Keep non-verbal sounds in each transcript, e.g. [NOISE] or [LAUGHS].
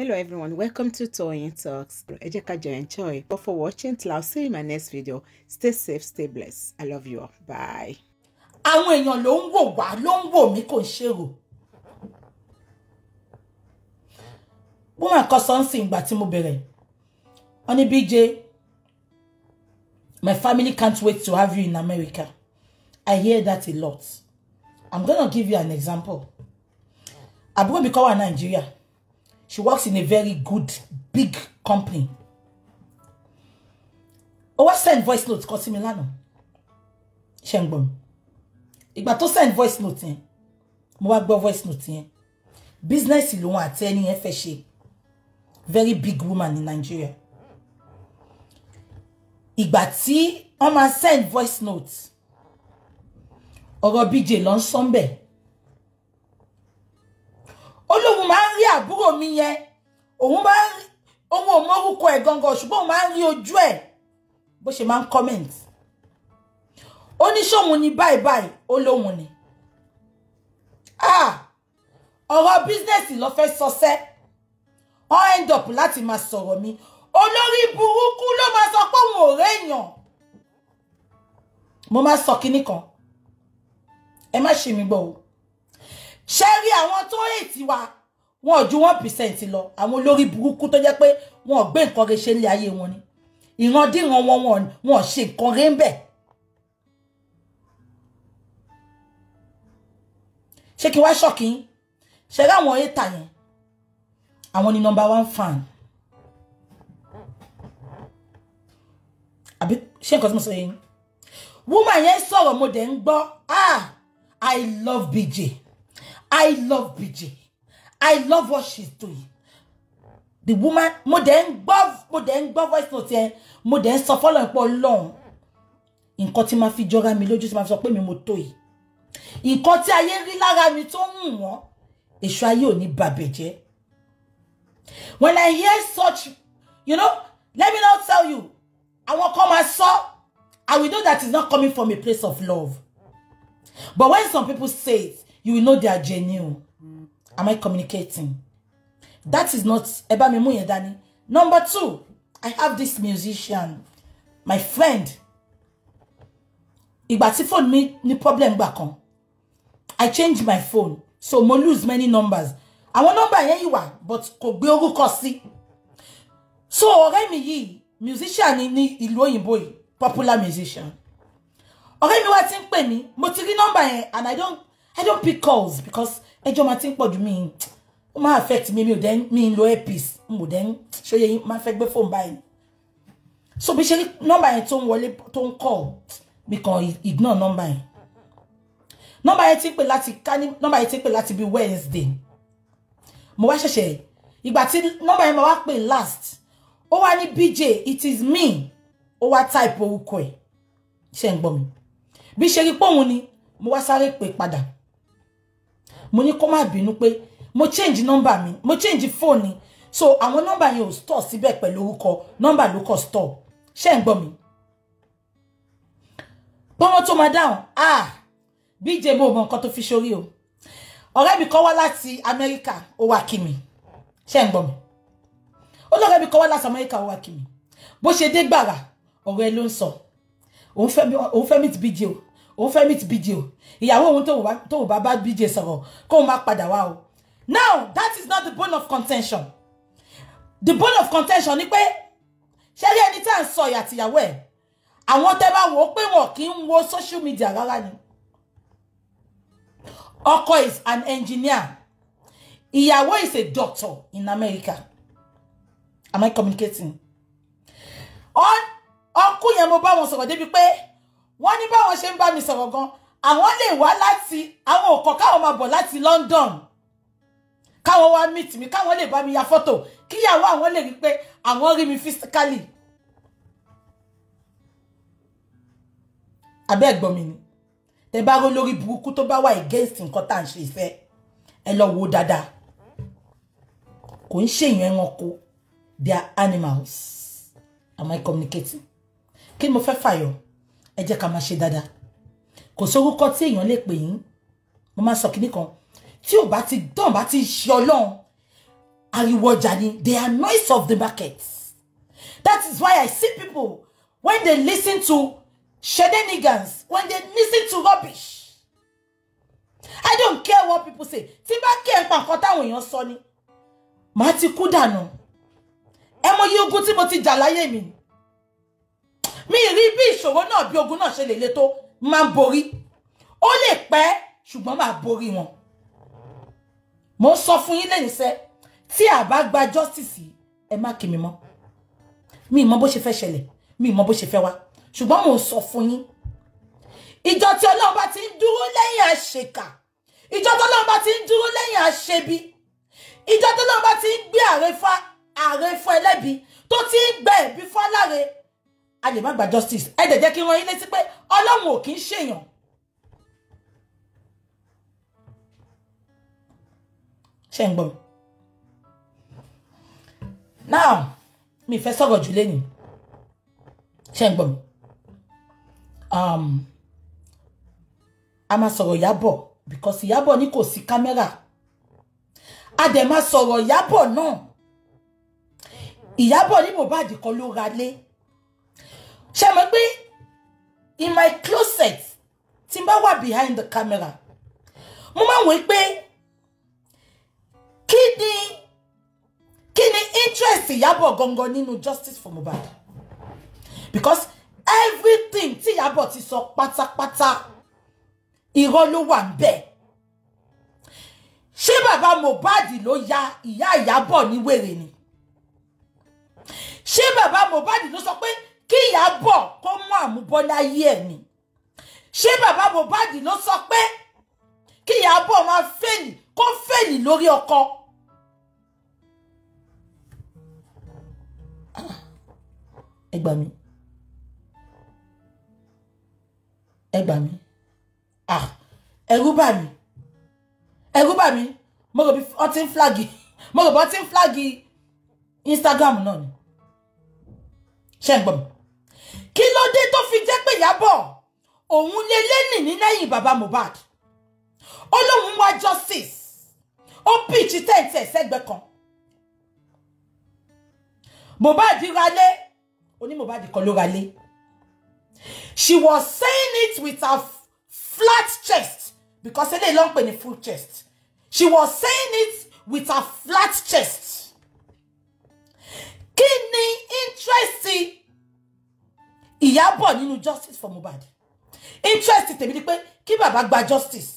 hello everyone welcome to Toyeen Talks ẹ jẹ́ ká enjoy but for watching till i'll see you in my next video stay safe stay blessed i love you all bye. àwọn èèyàn ló ń wò wá ló ń wò mí kò ń ṣèrò woman kan something ìgbà tí mo bẹ̀rẹ̀ wọ́n ní BJ my family can't wait to have you in America i hear that a lot i'm gonna give you an example àbúrò mi kọ́ wà Nàìjíríà she works in a very good big company ó wá send voice note kan sí mi lánàá ṣe to send voice note yẹn mo wá gbọ́ voice note yẹn business lòun àti ẹni yẹn fẹ́ ṣe very big woman in Nigeria ìgbà tí wọ́n máa send voice note ọ̀rọ̀ bj lọ ń àbúrò mi yẹn òun máa ń òun ò mọ́rúkọ ẹ̀ gangan ṣùgbọ́n òun máa ń rí ojú ẹ̀ bó ṣe máa ń comment ó ní ṣóun ni báyìí báyìí ó lóun ni ah! ọ̀rọ̀ bísínẹ́sì ló fẹ́ sọsẹ́ wọ́n end up láti máa sọ̀rọ̀ mi olórí burúkú ló máa sọ pé òun ò réèyàn mo máa sọ kinní kan ẹ má ṣe mi gbọ́ o ṣe rí àwọn tó ètì wa wọn ò ju one percent lọ àwọn olórí burúkú tó jẹ́ pé wọn ò gbé nǹkan rẹ̀ ṣe nílé ayé wọn ni ìrandíran wọn wọn ò ṣe nǹkan rẹ̀ ń bẹ̀. ṣé kí wá ṣọ́ọ̀kì ṣe ráwọn éta yẹn àwọn ni number one fan àbí ṣé nǹkan tí mo sọ yẹn woman yẹn sọ̀rọ̀ mo dẹ̀ ń gbọ́ ah I love BJ I love BJ. I love what she's doing. The woman, modern, dẹ̀ modern, gbọ́, mo dẹ̀ ń gbọ́ voice note yẹn, mo dẹ̀ ń sọ fọ́lọ́ ìpọ̀ lọ́hùn. Nǹkan tí máa fi jọra mi lójú tí máa fi sọ pé mi mo tó yìí. Nǹkan tí ayé rí lára mi tó When I hear such, you know, let me now tell you, I àwọn come and saw. I will know that it's not coming from a place of love. But when some people say it, you will know they are genuine. am I communicating? That is not ẹ bá Number two, I have this musician, my friend. Ìgbà tí phone mi ní problem gbà kan. I change my phone so mo lose many numbers. Àwọn nọ́mbà yẹn yìí wà but kò gbé orúkọ sí. So ọ̀rẹ́ mi yìí musician ni ní ìlú òyìnbó yìí popular musician. Ọ̀rẹ́ mi wá ti ń pè mí mo ti rí nọ́mbà yẹn and I don't I don't pick calls because ẹjọ́ máa ti ń pọ̀ ju mi ó máa affect mi mi ò dẹ́ mi ń lo earpiece n ò dẹ́ ṣe yẹ máa fẹ́ gbé fóònù báyìí so bí ṣe nọ́mbà yẹn tó ń wọlé tó ń call mi kàn ignore nọ́mbà yẹn nọ́mbà yẹn ti ń pè láti ká ní nọ́mbà yẹn ti pè láti bí Wednesday mo wá ṣẹ̀ṣẹ̀ ìgbà tí nọ́mbà yẹn máa wá pè last ó wá ní BJ it is me ó wá type orúkọ ẹ̀ ṣe ń gbọ́ mi bí ṣe rí pòun ni mo wá sáré pè padà mo ní kó má bínú pé mo change number mi mo change phone so àwọn number yẹn ò store síbẹ̀ pẹ̀lú orúkọ number ló kọ store ṣé ń gbọ́ mi pọ́nwọ́n tó máa dáhùn ah bj mo mọ nǹkan tó fi ṣorí o ọ̀rẹ́ mi kọ́ wá láti amẹ́ríkà ó wá kí mi ṣé ń gbọ́ mi ó lọ́rẹ́ mi kọ́ wá láti amẹ́ríkà ó wá kí bó ṣe dé gbàrà ọ̀rẹ́ ló ń sọ òun fẹ́ mi ti bj o òun fẹ́ meet BJ o ìyàwó òun tóun bá bá BJ sọ̀rọ̀ kóun má padà wá o now that is not the bone of contention the bone of contention ni pé ṣé rí ẹni tí à ń sọ ìyà àtìyàwó ẹ̀ àwọn tẹ́ bá wò ó pé wọn kì í wo social media rárá ni ọkọ is an engineer ìyàwó is a doctor in America am I communicating? ọkùn yẹn mo bá wọn sọ̀rọ̀ débi pé wọ́n ní báwọn ṣe ń bá mi sọ̀rọ̀ gan àwọn lè wá láti àwọn òkọ̀ káwọn máa bọ̀ láti London káwọn wá meet mi káwọn lè bá mi ya fọ́tò kíyàwó àwọn lè rí pé àwọn rí mi physically abẹ́ ẹ̀gbọ́n mi ni tẹ bá ró lórí burúkú tó bá wà against nǹkan tá à ń ṣe ìfẹ́ ẹ lọ wo dáadáa kò ń ṣèyàn ẹranko they are animals am I communicating kí ni mo fẹ́ fàyọ ẹ jẹ́ ká máa ṣe dáadáa kò sórúkọ tí èèyàn lè pè yín mo máa sọ kinní kan tí ò bá ti dán bá ti ṣe ọlọ́run ariwo ọjà ni they are noise of the market that is why i see people when they listen to shenanigans when they listen to rubbish i don't care what people say tí bá kí ẹ pa nǹkan táwọn èèyàn sọ ni màá ti kú dànù ẹ mọ iye ogun tí mo ti jà láyé mi mi rí bí ìṣòro náà bí ogun náà ṣe lè le tó máa ń borí ó lè pẹ́ ṣùgbọ́n máa borí wọn mo ń sọ fún yín lẹ́yìn sẹ́ tí a gba justice ẹ má kì mí mọ́ mi mọ bó ṣe fẹ́ ṣẹlẹ̀ mi mọ bó ṣe fẹ́ wá ṣùgbọ́n mo ń sọ fún yín ìjọ tí ọlọ́run bá ti ń dúró lẹ́yìn àṣekà ìjọ tí ọlọ́run bá ti ń dúró lẹ́yìn àṣebi ìjọ tí ọlọ́run bá ti ń gbé àrefá àrefọ ẹlẹ́bi tó ti ń gbẹ ẹ̀bí fáláre a lè justice ẹ dẹ̀ jẹ́ kí n rán yín létí pé ọlọ́run ò kì í ṣèyàn ṣe ń gbọ́ now mi fẹ́ sọ̀rọ̀ jù lẹ́yìn ṣe ń gbọ́ um, a máa sọ̀rọ̀ Ìyábọ̀ because Ìyábọ̀ ni kò sí kámẹ́rà a dẹ̀ máa sọ̀rọ̀ Ìyábọ̀ náà Ìyábọ̀ ní Mohbad kọ́ ló ra lé ṣe mọ̀ pé in my closet tí n bá wà behind the camera mo máa wò pé kí ni kí ni interest Ìyábọ̀ gangan nínú justice for Mohbad because everything tí Ìyábọ̀ ti sọ pátápátá irọ́ ló wà ń bẹ̀ ṣé bàbá Mohbad ló ya ìyá Ìyábọ̀ ní wèrè ni ṣé bàbá Mohbad ló sọ pé kí Ìyábọ̀ kó mú àmúbọ́ láyé ẹ̀ ni ṣé bàbá Mohbad ló sọ pé kí Ìyábọ̀ máa fèlì kó fèlì lórí ọkọ. ẹ gbà mí ẹ gbà mí ẹ̀rù bà mí ẹ̀rù bà mí mo rò bí wọ́n ń flagi mo rò bí wọ́n ń flagi Instagram náà ni ṣé ń gbọ́ mi. kí ló dé tó fi jẹ́ pé Ìyábọ̀ òun lé lẹ́nì ní lẹ́yìn bàbá Mohbad ó lóun wá justice ó píìchì tẹ̀ǹtì ẹ̀sẹ̀gbẹ́ kan Mohbad ralé oní Mohbad kan ló ralé she was saying it with a flat chest because eléyìí ló ń pè ní full chest she was saying it with a flat chest kí ni Ìyábọ̀ nínú justice for Mohbad interest tèmi ni pé kí bàbá gba justice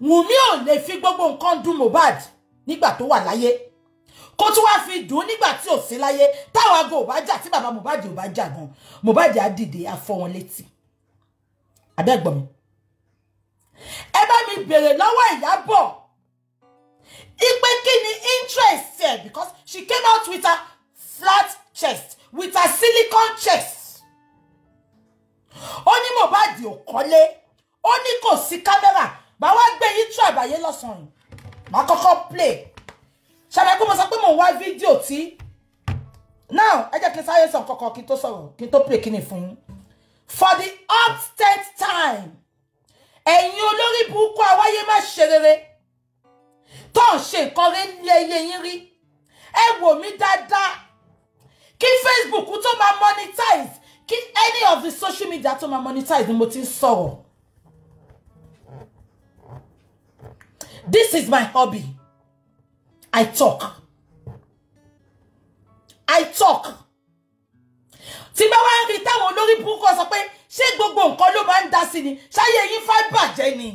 Wùmí ò lè fi gbogbo nǹkan dùn Mohbad nígbà tó wà láyé kó tún wá fi dùn nígbà tí ò sí láyé táwọn aago ò bá jà tí bàbá Mohbad ò bá jà gan Mohbad á dìde á fọ́ wọn létí abẹ́gbọ̀n mi ẹ bá mi bèrè lọ́wọ́ Ìyábọ̀ ipe kí ni interest ẹ because she came out with her flat chest with her silicone chest ó ní Mohbad ò kọ́lé ó ní kò sí kámẹ́rà bá wá gbé yín tú àbáyé lọ́sàn-án yìí màá kọ́kọ́ play ṣàlàyé mo sọ pé mò ń wá fídíò tí now ẹ jẹ́ kí n sáré sọ kọ̀ọ̀kan kí n tó sọ̀rọ̀ kí n tó play kí ni fún yín for the upstate time ẹ̀yin olórí burúkú awáyé má ṣe rere tó ń ṣe nǹkan rẹ̀ ní ẹyẹ yín rí ẹ wò mí dáadáa kí Facebook tó máa monetize kí any of the social media tó máa monetize ni mo ti ń sọ̀rọ̀ this is my hobby I talk I talk tí bá wá rí táwọn olórí burúkú sọ pé ṣé gbogbo nǹkan ló máa ń dá sí ni ṣáyé yín fá bàjẹ́ ni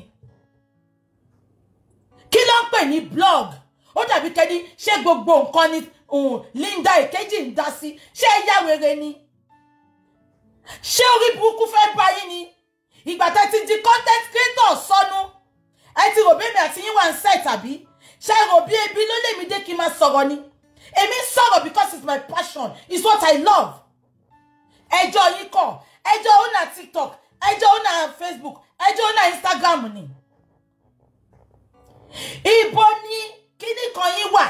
kí ló ń pè ní blog ó dàbí kẹ́ni ṣé gbogbo nǹkan ni mm, Linda Èkejì ń dá sí ṣé ẹ yá wèrè ni. ṣé orí burúkú fẹ́ bá yín ni ìgbà tẹ́ ti di content creator sọnù ẹ ti rò bí èmi àti yín wà ń sẹ́ tàbí ṣé rò bí ebi ló lè mi dé kí n máa sọ̀rọ̀ ni èmi sọ̀rọ̀ because it's my passion it's what I love ẹjọ́ yín kọ̀ ẹjọ́ òun náà tiktok ẹjọ́ òun náà facebook ẹjọ́ òun náà instagram ni ibo ni kíní kan yín wà.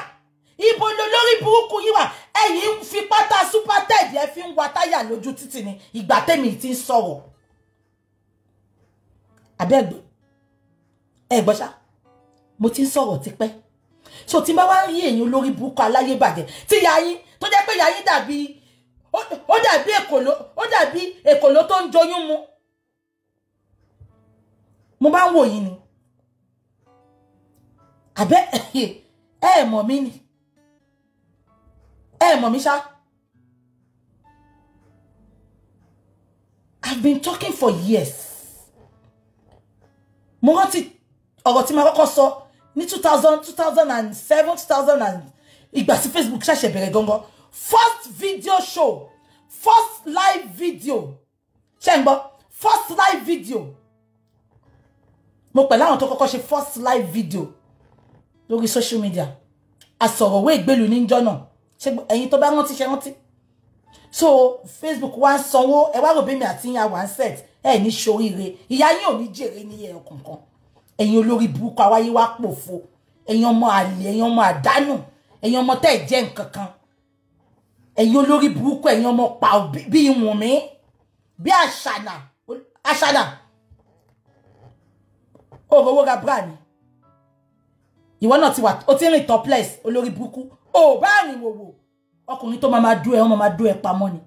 ibo lo lórí burúkú yìí wà ẹ̀yin fi pátá superted ẹ fi ń wa táyà lójú títì ni ìgbà tèmi ti ń sọ̀rọ̀ abẹ́gbẹ́ ẹ gbọ́ ṣá mo ti ń sọ̀rọ̀ tipẹ́ so tí n bá wá rí èyàn lórí burúkú aláyé bàjẹ́ tí yayin tó jẹ́ pé yayin dàbí ó dàbí èkòló ó dàbí èkòló tó ń joyún mu mo bá ń wò ni àbẹ́ [LAUGHS] ẹ mọ̀ mí ni ẹ mọ̀ mi ṣá. I've been talking for years. Mo rántí ọ̀rọ̀ tí mo kọ́kọ́ sọ ní two thousand two thousand and seven two thousand and ìgbà sí Facebook ṣẹ̀ṣẹ̀ bẹ̀rẹ̀ gangan first video show first live video ṣe ń gbọ́ first live video mo pẹ̀lú àwọn tó kọ́kọ́ ṣe first live video lórí social media àsọ̀rọ̀wé ìgbélu níjọ́ náà ṣe tó bá rántí ṣe rántí so Facebook wá ń sanwó ẹ wá rò bí àti ìyá one set ẹ ní ṣoríire ìyá yín ò ní jèrè ní ẹ ọkùnkan ẹ̀yin olórí burúkú awáyé wá pòfo ẹ̀yin ọmọ àlè ẹ̀yin ọmọ àdánù ẹ̀yin ọmọ tẹ́ ẹ jẹ́ nǹkan kan ẹ̀yin olórí burúkú ẹ̀yin ọmọ pa bí ìwọ̀n mi bí àṣànà àṣànà òrówó ra bra ni ìwọ náà ti wà ó ti rìn topless olórí burúkú ò bá rìn wòwò ọkùnrin tó máa dú ẹ wọn máa dú ẹ pamọ́ ni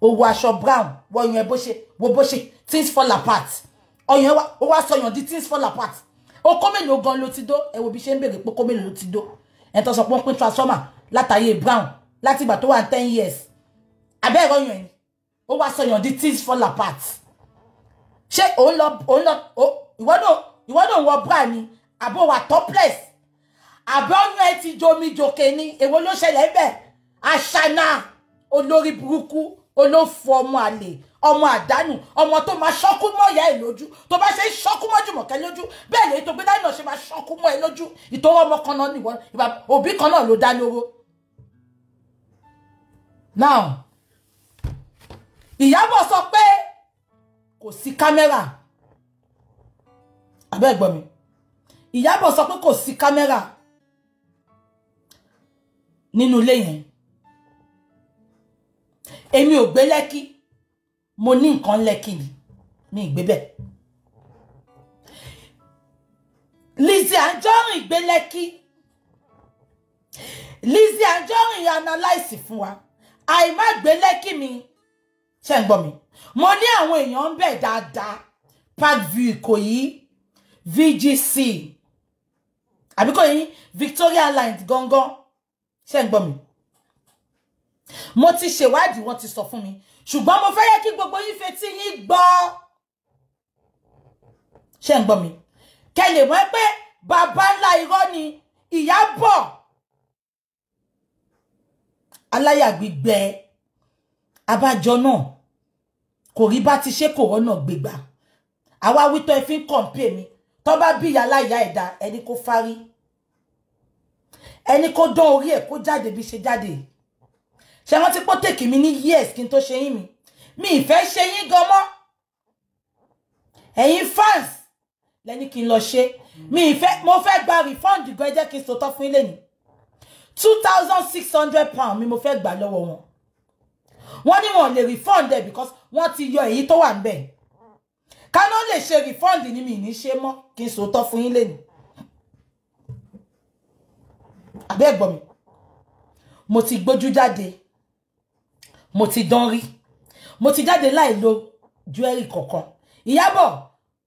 ó aṣọ brown wọ ọyàn ẹ bó ṣe wo bó ṣe things fall apart ọyàn ẹ ó wá sọyàn di things fall apart ó kó mélòó gan ló ti dó ẹ wo bí ṣe ń béèrè pé kó mélòó ló ti dó ẹ tó sọ pé wọ́n pín transformer látàyè brown láti ìgbà tó wà ní ten years abẹ́ ẹ̀rọ yàn ẹ̀yìn ó wá sọyàn di things fall apart ṣé òun lọ òun lọ ìwọ́dọ̀ ìwọ́dọ̀ wọ bra ni àbó wa topless àbọ̀nù ẹ ti jomi jòkè ni èwo ló ṣẹlẹ̀ bẹ́ẹ̀ aṣáná olórí burúkú olófò ọmọ àlè ọmọ àdánù ọmọ tó máa ṣọ́kú mọ́ ìyá ẹ̀ lójú tó bá ṣe ń ṣọ́kú mọ́ Jùmọ̀kẹ́ lójú bẹ́ẹ̀ lè tó gbé dáná ṣe máa ṣọ́kú mọ́ ẹ lójú ìtọ́wọ́ ọmọ kan náà nìwọ òbí kan náà ló dá lóró. now Ìyábọ̀ sọ pé kò sí kámẹ́rà abẹ́ ẹ̀gbọ́n mi Ìyábọ̀ sọ pé kò sí kámẹ́rà nínú ilé yẹn èmi ò gbé lẹ́kí mo ní nǹkan lẹ́kí ni mi ì gbé bẹ́ẹ̀ Lizzy Anjorin gbé lẹ́kí Lizzy analyse fún wa àìmá gbé lẹ́kí mi ṣe mi mo ní àwọn èèyàn bẹ̀ dáadáa park view Ìkòyí VGC àbíkò yín Victoria lines gongo. ṣé ń gbọ́ mi mo ti ṣèwádìí wọ́n ti sọ fún mi ṣùgbọ́n mo fe yẹ kí gbogbo yín fetí yín gbọ́ ṣé ń gbọ́ mi kẹ́ lè mọ̀ pé bàbá ńlá irọ́ ni Ìyábọ̀ aláyà gbígbẹ abájọ náà kò rí bá ti ṣe kò rọ́nà gbégbá àwa wítọ́ ẹ fi mi tó bi ya la ya eda ẹni kó fárí. ẹni kó do orí ẹ̀ kó jáde bí ṣe jáde ṣe rántí pọ́ tèkì mi ní yes kí n tó ṣe yín mi mi ìfẹ́ ṣe yín gan mọ́ ẹ̀yin fans lẹ́ni kí n lọ ṣe mi ìfẹ́ mo eyin fans leni ki lo se mi ife mo fe gba refund gan ẹ jẹ́ kí n sòtọ́ fún ilé ni two thousand six hundred pound mi mo fẹ́ gbà lọ́wọ́ wọn wọ́n ní wọn ò lè refund ẹ̀ because wọ́n ti yọ èyí tó wà níbẹ̀ káná lè ṣe refund ni mi ní ṣe mọ́ kí n sòtọ́ fún yín lé ni se mo ki n soto fun yin ni àbẹ́ moti mi mo ti gbójú jáde mo ti dán mo ti jáde láì lo jewelry kankan ìyábọ̀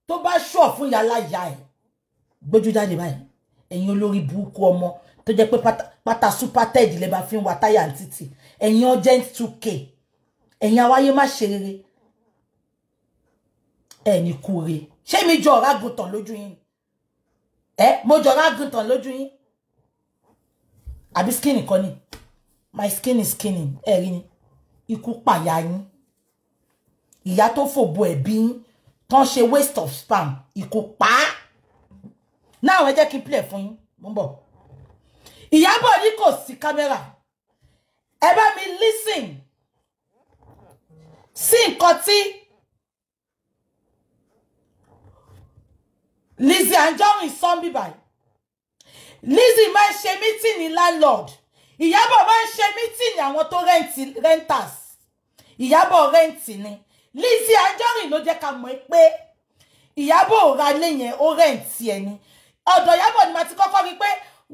tó bá ṣọ̀ fún ya láyà ẹ̀ gbójú jáde báyìí ẹ̀yin olórí burúkú ọmọ tó jẹ́ pé pátá superted lè máa fi ń wa táyà títì ẹ̀yin urgent two k ẹ̀yin awáyé má ṣe rere kure ṣé mi jọ ọ̀rá lójú yín ẹ mo jọ ọ̀rá lójú yín àbí skin kọ́ ni my skin is skinny. ẹ rí ni ikú pàyà yín ìyá tó fòbo ẹ̀bí yín waste of spam ikú pa á náà ẹ jẹ́ kí n play fún yín mo ń bọ̀ Ìyábọ̀ ní kò sí kámẹ́rà ẹ bá mi listen sí nǹkan tí Lizzy Anjorin sọ́ńbì báyìí. Lizzie máa ń meeting mítìnì landlord Ìyábọ̀ máa ń meeting mítìnì àwọn tó rẹ́ǹtì renters Ìyábọ̀ rẹ́ǹtì ni Lizzy Anjorin ló jẹ́ ká mọ̀ pé Ìyábọ̀ ò ra ilé yẹn ó rẹ́ǹtì ẹ̀ ni ọ̀dọ̀ Ìyábọ̀ ni màá ti kọ́kọ́ rí pé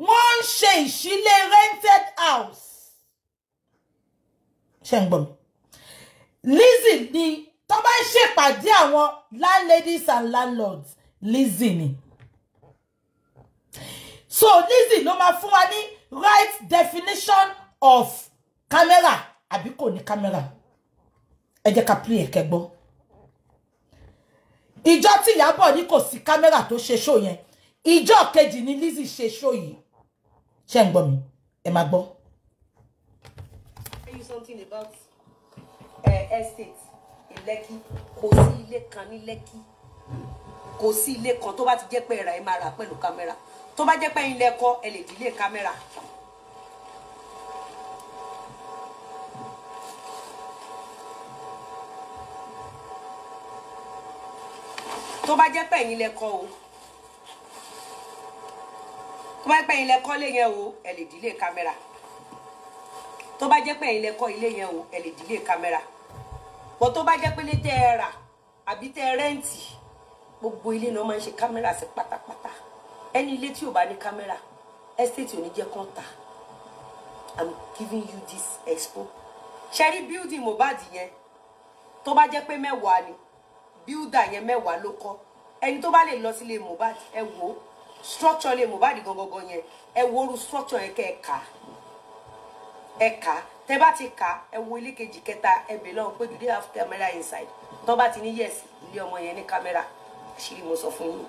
wọ́n ń ṣe ìṣílé rented house ṣe ń gbọ́ mi Lizzy ni tó bá ń ṣèpàdé àwọn landladies and landlords Lizzie. ni so Lizzy ló máa fún wa ní right definition of camera àbí kò ní camera ẹ jẹ́ ká play ẹ̀kẹ́ gbọ́ ìjọ tí Ìyábọ̀ ní kò sí camera tó ṣe show yẹn ìjọ kejì ni Lizzy ṣe show yìí ṣé ń gbọ́ mi ẹ máa gbọ́. something about eh, estate in Lekki kò sí ilé kan ní Lekki kò sí ilé kan tó bá ti jẹ́ pé ẹ̀rà ẹ̀ máa rà pẹ̀lú kámẹ́rà tó bá jẹ́ pé ilé ẹ̀kọ́ ẹ lè dílé kámẹ́rà. tó bá jẹ́ pé ẹ̀yin lẹ́kọ́ o tó bá jẹ́ pé ẹ̀yin lẹ́kọ́ lé yẹn o ẹ lè dílé kámẹ́rà tó bá jẹ́ pé ẹ̀yin lẹ́kọ́ ilé yẹn o ẹ lè dílé kámẹ́rà bọ́ tó bá jẹ́ pé lé tẹ́ ẹ rà àbí tẹ́ ẹ rẹ́ǹtì gbogbo ilé náà máa ń ṣe kámẹ́rà sí pátápátá ẹni ilé tí ò bá ní kámẹ́rà estate ò ní jẹ́ kán i'm giving you this expo ṣe rí building Mohbad yẹn tó bá jẹ́ pé mẹ́wàá ni builder yẹn mẹ́wàá ló kọ́ ẹni tó bá lè lọ sílé Mohbad ẹ wò ó structure lè Mohbad gangan yẹn ẹ wo orú structure yẹn kẹ́ ẹ kà ẹ kà tẹ́ bá ti kà ẹ wo ilé kejì kẹta ẹ bèèrè lọ́wọ́ pé do they have camera inside tó bá ti ní yes ilé ọmọ yẹn ní kámẹ́rà àṣírí mo sọ fún yín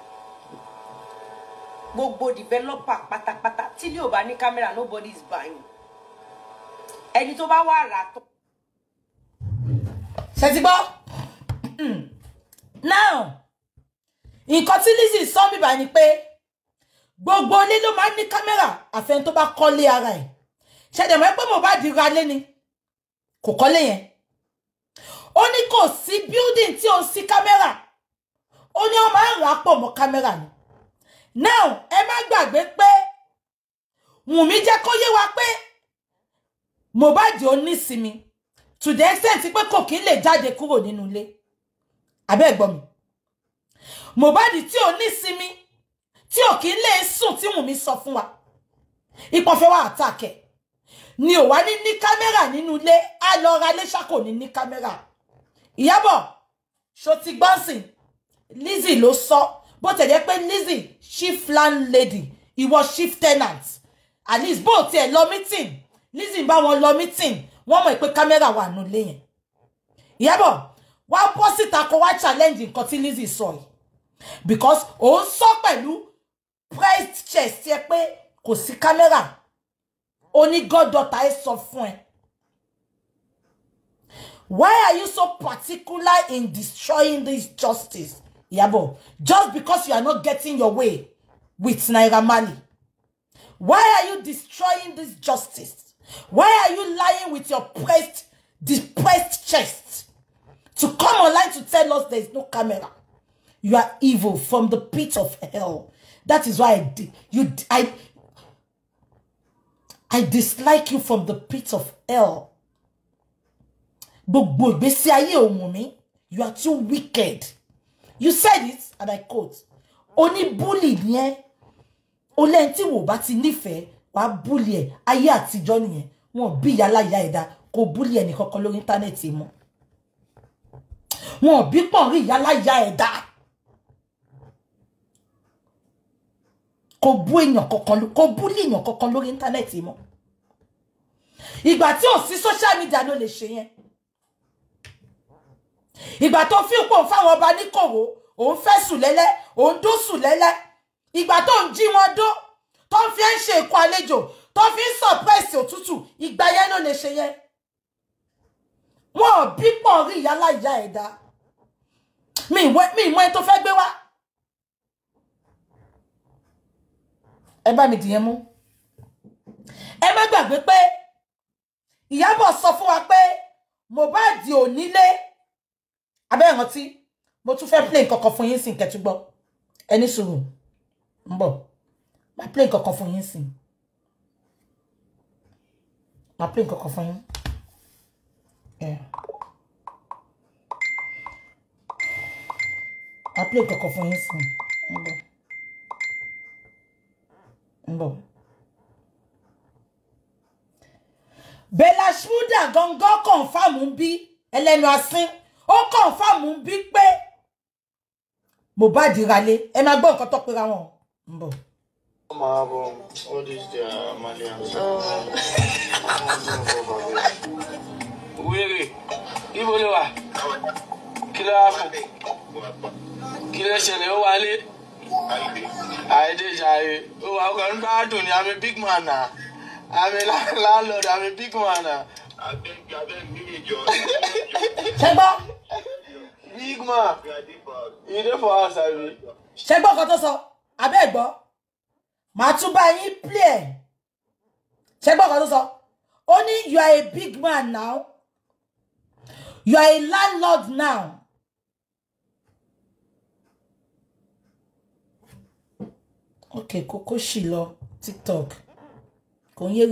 gbogbo developer pátápátá tí ilé ò bá ní camera, nobody is buying ẹni tó bá wà rà tó. ṣe ti gbọ́ hmm. now nǹkan tí Lizzy sọ mi bá ni pé gbogbo ilé ló máa ń ní kámẹ́rà àfẹn tó bá kọ́lé ara ẹ̀ ṣẹ̀dẹ̀ mọ́ pé Mohbad ra lé ni kò kọ́lé yẹn ó ní kò sí building tí ó sí kámẹ́rà ó ní ó máa ń rà pọ̀ mọ́ kámẹ́rà ni now ẹ má gbàgbé pé Wùnmí jẹ́ kó yé wa pé Mohbad ò nísinmi to the extent pé kò kí lè jáde kúrò nínú ilé abẹ́ ẹ̀gbọ́n mi Mohbad tí ò nísinmi tí ò kí lè sùn tí Wùnmí sọ fún wa ìpọ̀fẹ́ wa àtàkẹ́ ni ò wá ní ní kámẹ́rà nínú ilé á lọ ra lẹ́ṣà kò ní ní kámẹ́rà Ìyábọ̀ ṣó gbọ́nsìn Lizzy ló sọ. So But tẹ̀ jẹ́ pé Lizzy chief landlady was chief tenant at least both here law meeting Lizzy bá one law meeting One mọ̀ pé kámẹ́rà wà nílé yẹn Ìyábọ̀ wá bọ́ síta kó wá challenge nǹkan tí Lizzy sọ yìí because òun sọ pẹ̀lú pressed chest yẹ kosi camera. sí kámẹ́rà oní gọ́dọ̀tà ẹ sọ fún Why are you so particular in destroying this justice? Yabo, just because you are not getting your way with Naira Mali, why are you destroying this justice? Why are you lying with your pressed, depressed chest to come online to tell us there is no camera? You are evil from the pit of hell. That is why I did you. I I dislike you from the pit of hell. Gbogbo ìgbésí ayé òun you are too wicked you said it and i quote Only ni ẹ́ Only tí wò bá ti nífẹ̀ẹ́ wàá búlì ẹ̀ ayé àtijọ́ nìyẹn wọn bí ìyá láyà ẹ̀dá kò búlì ẹnì kankan lórí íńtánẹ́ẹ̀tì mọ́ wọn bí pọ̀ rí ìyá láyà ẹ̀dá kò bú èèyàn kankan kò búlì èèyàn kankan internet. íńtánẹ́ẹ̀tì mọ́ ìgbà tí ò sí social media ló lè ṣe ìgbà tó fi pò fáwọn ọba níkòwò òun fẹ́ sùn lẹ́lẹ́ òun dún sùn lẹ́lẹ́ ìgbà tó ń jí wọn dó tó fi ń ṣe ìkọ àlejò tó fi ń sọpẹ́sì òtútù ìgbà yẹn ló lè ṣe yẹn wọn ò bí pọ̀ rí ìyá láyà ẹ̀dá mi ìmọ̀ ẹ tó fẹ́ gbé wá ẹ bá mi dìyẹn mú ẹ má gbàgbé pé Ìyábọ̀ sọ fún wa pé Mohbad ò nílé abẹ́ ìrántí mo tún fẹ́ play nǹkan kan fún yín sìn kẹ́tùgbọ́ ẹni sùúrù ń bọ̀ máa play nǹkan kan fún yín sìn máa play nǹkan kan fún yín. máa play nǹkan fún yín sìn ń bọ̀ ń bọ̀. Bella Shmurda gangan confam bí ẹlẹ́nu asín ó kọ̀ǹfàmù bí pé Mohbad ralé ẹ máa gbọ́ nǹkan tó pera wọn ń bọ̀. Oh. [LAUGHS] wéré ibo ló wà kí ló wà fún kí ló ṣẹlẹ̀ ó wálé àìdèjàre ó wà ó kàn ń gbádùn ni àmì big man na àmì [LAUGHS] landlord àmì big man na. ṣẹgbọ́. big man you dey for house abi. ṣẹgbọ́ kan tó sọ I ẹ̀ gbọ́ màá tún bá yín play ẹ̀ ṣẹgbọ́ kan tó sọ Only you are a big man now you are a landlord now. ok Coco ṣì tiktok kò ń yé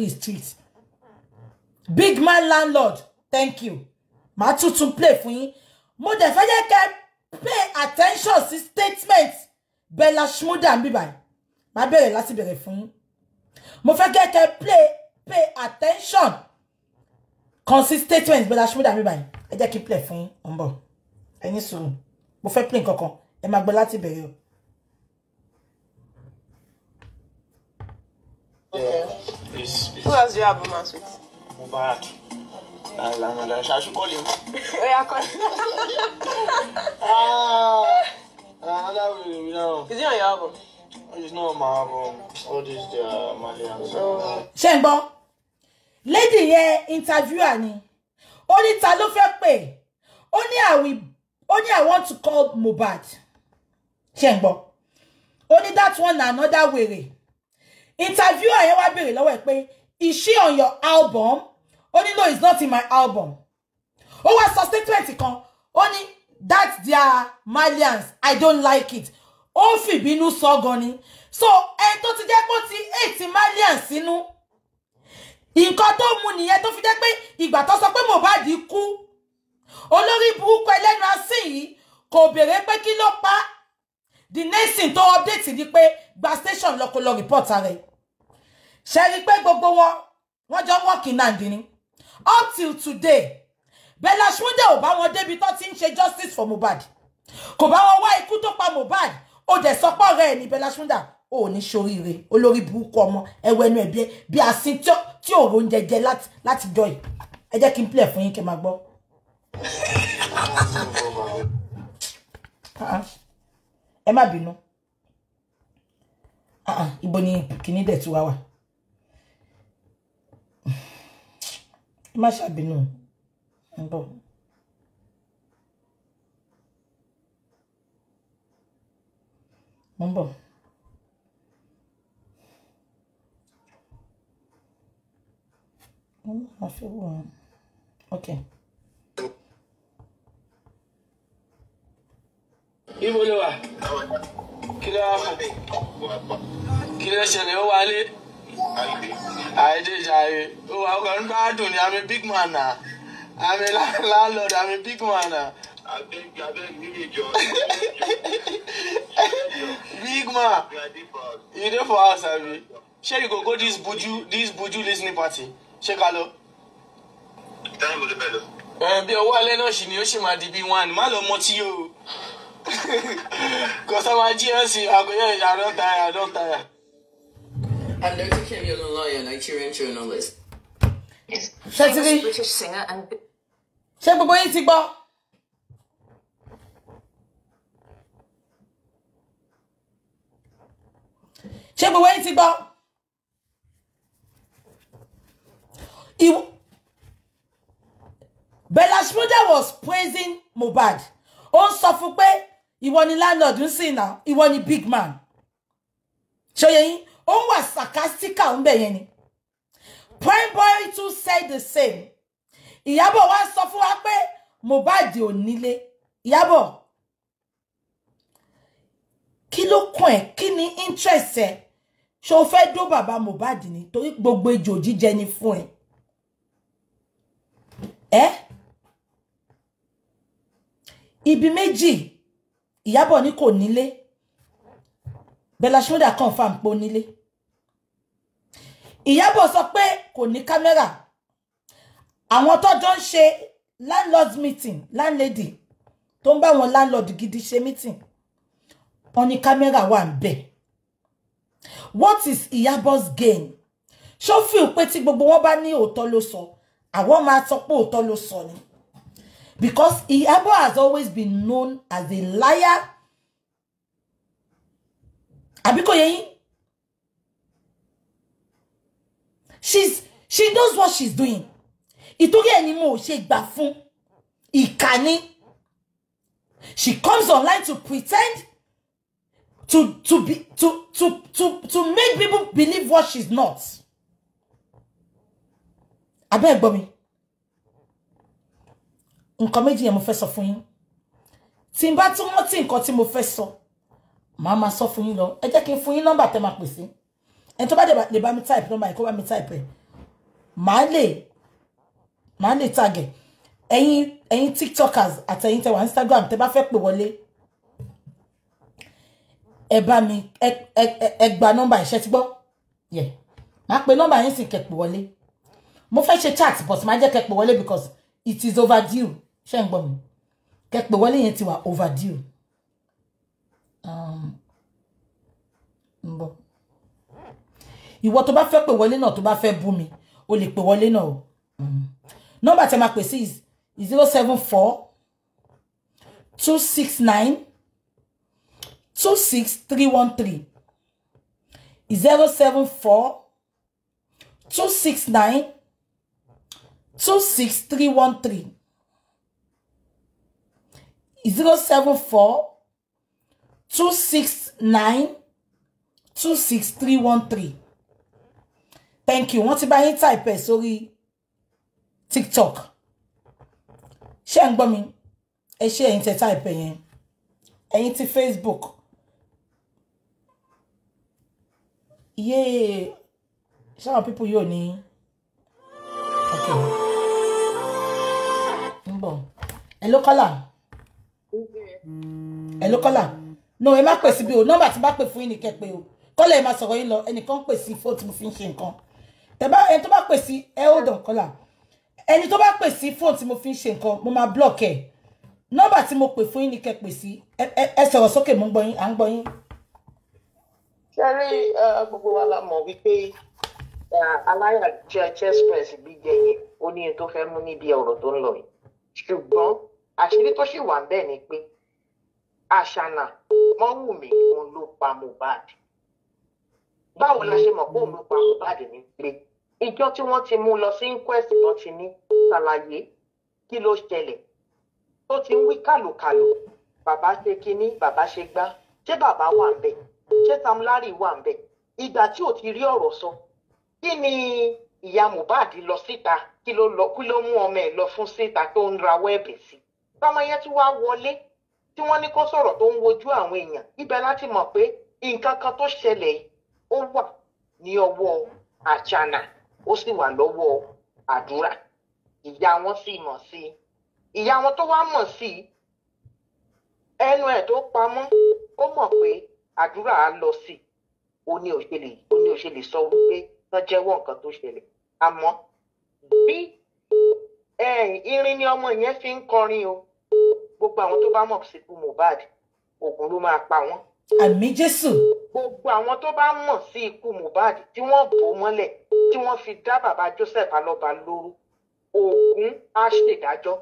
big man landlord thank you màá tuntun play fún yín mo dẹ̀ fẹ́ jẹ́ kẹ́ pay attention sí statement Bella Shmurda ń bíbáyìí màá bẹ̀rẹ̀ láti bẹ̀rẹ̀ fún yín mo fẹ́ kẹ́ kẹ́ play pay attention kan sí statement Bella Shmurda ń bíbáyìí ẹ jẹ́ kí n play fún yín ń bọ̀ ẹ̀yin sùúrù mo fẹ́ play nǹkan kan ẹ máa gbọ́ láti o. Yeah. Who has your album out with? Go back. I should call him. Yeah, call him. ah, another will now. Is it on your album? It's not my album. All this, uh, Malian. So. Ṣé lady here, interviewer ni. only talo ta ló fẹ́ pè. Ó I will. Only I want to call Mohbad. Ṣé only that one another way. Interviewer yẹn wá béèrè lọ́wọ́ ẹ̀ is she on your album Only no it's not in my album Oh, I sọ statement kan Only ní that their malians i don't like it ó fìbínú sọ gan ni so ẹni tó ti jẹ́ pé ó ti eight malians sínú nǹkan tó mú nìyẹn tó fi jẹ́ pé ìgbà tó sọ pé Mohbad kú olórí burúkú ẹlẹ́nu asín yìí kò béèrè pé kí ló pa the next thing to update ni pé gba station lọ kó lọ report ṣe rí i pé gbogbo wọn wọ́n jọ wọ́ọ̀kì nàndì ni up till today Bella Shmurda ò bá wọn débi tó ti ń ṣe justice for Mohbad kò bá wọn wá ikú tó pa Mohbad ó dẹ̀ sọpọ̀ rẹ̀ ni Bella Shmurda ò ní ṣoríire olórí burúkú ọmọ ẹwọ ẹnu ẹbí bí asin tí òòrò ń jẹjẹ láti jọ yìí ẹ jẹ́ kí n plẹ̀ fún yín kí n máa gbọ́. Ah, ah. ẹ má bínú ah, ibo ni kìnìún dẹ̀ tí wá wà. má ṣàbínú ń bọ̀. mo ń bọ̀. I feel warm. Okay. Ibo ló wà? Kí ló wá fún? Kí ló ṣẹlẹ̀ ó wálé? àìdèjàre ó wà ọkàn ń gbádùn ni àmì big man I'm a landlord àmì big man na. abeg abeg me jọ. big man you there for us, abi shey you go go this buju this buju listening party ṣé ká Time táyà mo lè bẹ̀ lọ. bí ọwọ́ alẹ́ náà ṣì ni one Malo lọ mọ tí yóò. kò sọ ma I don't tire I don't tire. And Dr. Kim Young lawyer, Nigerian journalist. Yes. a British singer and. Ṣé gbogbo yín ti gbọ́? Ṣé gbogbo yín Bella Schmuder was praising Mubad. Ó ń sọ fún pé ìwọ ni you see now? He won ni big man. Show you. ó ń wà sarcastica ń bẹ̀ yẹn ni Primeboy too said the same Ìyábọ̀ wá sọ fún wa pé Mohbad ò nílé Ìyábọ̀ kí ló kàn ẹ́ kí ni interest ẹ̀ ṣé o fẹ́ dó bàbá Mohbad ni torí gbogbo ejò jíjẹ ni fún ẹ ẹ ibi méjì Ìyábọ̀ ni kò nílé Bella Shmurda confam pé ó Ìyábọ̀ sọ pé kò ní kámẹ́rà àwọn tọ́jọ́ ń ṣe landlord meeting landlady tó ń bá wọn landlord gidi ṣe meeting wọn ní kámẹ́rà wà ń bẹ̀ what is Ìyábọ̀'s gain ṣó fìl pé tí gbogbo wọn bá ní òótọ́ ló sọ àwọn máa sọ pé òótọ́ ló sọ ni because Ìyábọ̀ has always been known as a liar àbí kò yín she's she knows what she's doing ìtorí ẹ̀ ni mo ò ṣe gbà she comes online to pretend to to be to to to to make people believe what she's not abẹ́ gbọ́ mi nǹkan méjì yẹn mo fẹ́ sọ fún yín tí n bá tún rántí nǹkan tí mo fẹ́ sọ màá máa sọ fún yín lọ ẹ jẹ́ kí n fún yín nọ́mbà tẹ́ máa pè ẹni tó bá lè bá mi type nọ́mbà yìí kó bá mi type ẹ̀ màá lè màá lè tag ẹ̀ ẹ̀yin ẹ̀yin tiktokers àtẹ̀yin tẹ̀wà instagram tẹ́ bá fẹ́ pè wọlé ẹ bá mi ẹ ẹ ẹ gba nọ́mbà iṣẹ́ ti gbọ́ yẹ màá pe nọ́mbà yín sì kẹ́ wọlé mo fẹ́ ṣe chat but màá jẹ́ kẹ́ pè wọlé because it is overdue ṣé ń gbọ́ mi kẹ́ pè wọlé yẹn ti wà overdue. Um, mbọ̀ ìwọ tó bá fẹ́ pè wọlé náà tó bá fẹ́ bú mi o lè pè wọlé náà o nọ́mbà tẹ́ máa pè sí zero seven four two six nine two six three one three zero seven four two six nine two six three one three zero seven four two six nine two six three one three thank you wọ́n ti bá yín type ẹ̀ tiktok ṣé ń gbọ́ mi ẹ ṣe ẹ̀yin tẹ type ẹ̀ yẹn ti facebook yéé Some people yóò ní ok ń bọ̀ ẹ Hello kọ́là ẹ ló kọ́là no ẹ má pè síbi o nọ́mbà tí bá pè fún yín ni kẹ́ pé o kọ́lẹ̀ ẹ má sọ̀rọ̀ yín lọ ẹnìkan pè sí fóònù tí mo fi ń ṣe nǹkan tẹ bá ẹni tó bá pè sí ẹ hold on kọ́là ẹni tó bá pè sí fóònù tí mo fi ń ṣe nǹkan mo máa block ẹ nọ́mbà tí mo pè fún yín ni kẹ́ pè sí ẹ sọ̀rọ̀ sókè mo ń gbọ́ yín à ń gbọ́ yín. sẹ́rí gbogbo wa la mọ̀ wípé aláyàjẹ chesspress gbígbẹ yẹn ó ní ohun tó fẹ́ mú níbi ọ̀rọ̀ tó ń lọ yìí ṣùgbọ́n àṣírí tó ṣì wà ń bẹ̀ ni pé àṣànà mọ́wùmí òun ló pa Mohbad báwo la ṣe mọ̀ pé òun ló pa Mohbad ní pé ìjọ tí wọ́n ti mú lọ sí inquest tó ti ní ṣàlàyé kí ló ṣẹlẹ̀ tó ti ń wí kàlùkàlù bàbá ṣe kínní bàbá ṣe gbá ṣé bàbá wà ń bẹ ṣé Sam Larry wà ń bẹ ìgbà tí ò ti rí ọ̀rọ̀ sọ kí ni ìyá Mohbad lọ síta kí ló lọ kí ló mú ọmọ ẹ̀ lọ fún síta tó ń rawọ́ ẹ̀bẹ̀ sí bámayẹ tí wàá wọlé tí wọ́n ní kó sọ̀rọ̀ tó ń wojú àwọn èèyàn ibẹ̀ láti mọ̀ pé nǹkan kan tó ṣẹlẹ̀ ó wà ní ọwọ́ àjànà ó sì wà lọ́wọ́ àdúrà ìyá wọn sì mọ̀ sí i ìyá wọn tó wá mọ̀ sí i ẹnu ẹ̀ tó pamọ́ ó mọ̀ pé àdúrà á lọ sí i ó ní òṣèlè ó ní òṣèlè sọ wípé wọ́n jẹ́wọ́ nǹkan tó ṣẹlẹ̀ àmọ́ bí irin ni ọmọ yẹn fi ń kọrin o gbogbo àwọn tó bá mọ̀ sí ikú Mohbad oògùn ló máa pa wọ́n. àmì Jésù. gbogbo àwọn tó bá mọ̀ sí ikú Mohbad tí wọ́n bò mọ́lẹ̀ tí wọ́n fi dá bàbá Joseph Alọ́ba lóru Ògún á ṣèdájọ́.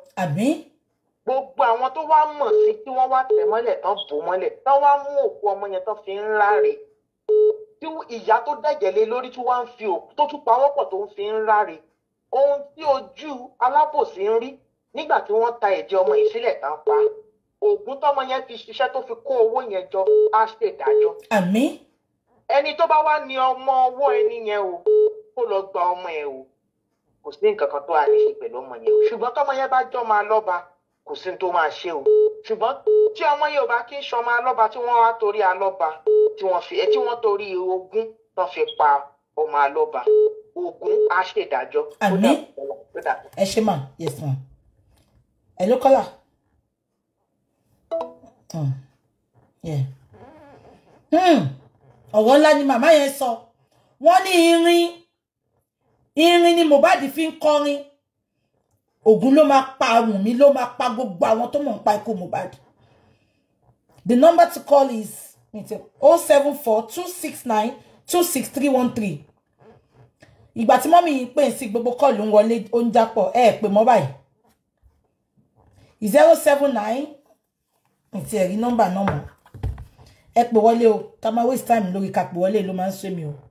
gbogbo àwọn tó wá mọ̀ sí kí wọ́n wá tẹ̀ mọ́lẹ̀ tán bò mọ́lẹ̀ tán wá mú òkú ọmọ yẹn tán fi ń ráre tí ìyá tó dẹ̀jẹ̀ lórí tí wọ́n fi òkú tó tún pawọ́ tó ń fi ń ráre ohun tí ojú alábòsí ń rí nígbà tí wọ́n ta ẹ̀jẹ̀ ọmọ yìí sílẹ̀ tán pa Ògún tọmọ yẹn fi ṣiṣẹ́ tó fi kó owó yẹn jọ á ẹni tó bá wá ní ọmọ ọwọ́ ẹni yẹn o kó lọ gba ọmọ ẹ o kò sí nǹkan kan tó a lè ṣe pẹ̀lú ọmọ yẹn o ṣùgbọ́n tọ́mọ yẹn bá jọ́ máa lọ́ba kò sí tó máa ṣe o ṣùgbọ́n tí ọmọ yẹn ò bá kí ń ṣọmọ alọ́ba tí wọ́n wá torí alọ́ba tí wọ́n fi ẹ wọ́n torí ogún tán fi pa ọmọ alọ́ba ogún á ṣèdájọ́. àmì ẹ ṣe mà yes mà ẹ ló kọ́là. ọ̀rọ̀ ńlá ni màmá yẹn sọ wọ́n ní irin irin ni Mohbad fi ń kọrin Ògún ló máa pa Wùnmí ló máa pa gbogbo àwọn tó mọ̀ ń pa ikú Mohbad the number to call is oh seven four two six nine two six three one three ìgbà tí mọ́mí yìí pè sí gbogbo kọ́ọ̀lù ń wọlé ó ń jápọ̀ ẹ mọ́ báyìí zero seven nine ǹtí ẹ̀rí nọ́mbà náà mọ̀ ẹ pè wọlé o ká máa waste time lórí ká pè wọlé ló máa ń sọ èmi o.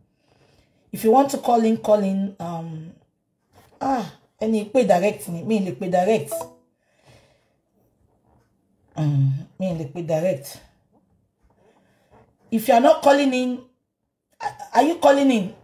if you want to call in call in um ah any pè direct Me mm, mi lè direct um, mi direct if you are not calling in are you calling in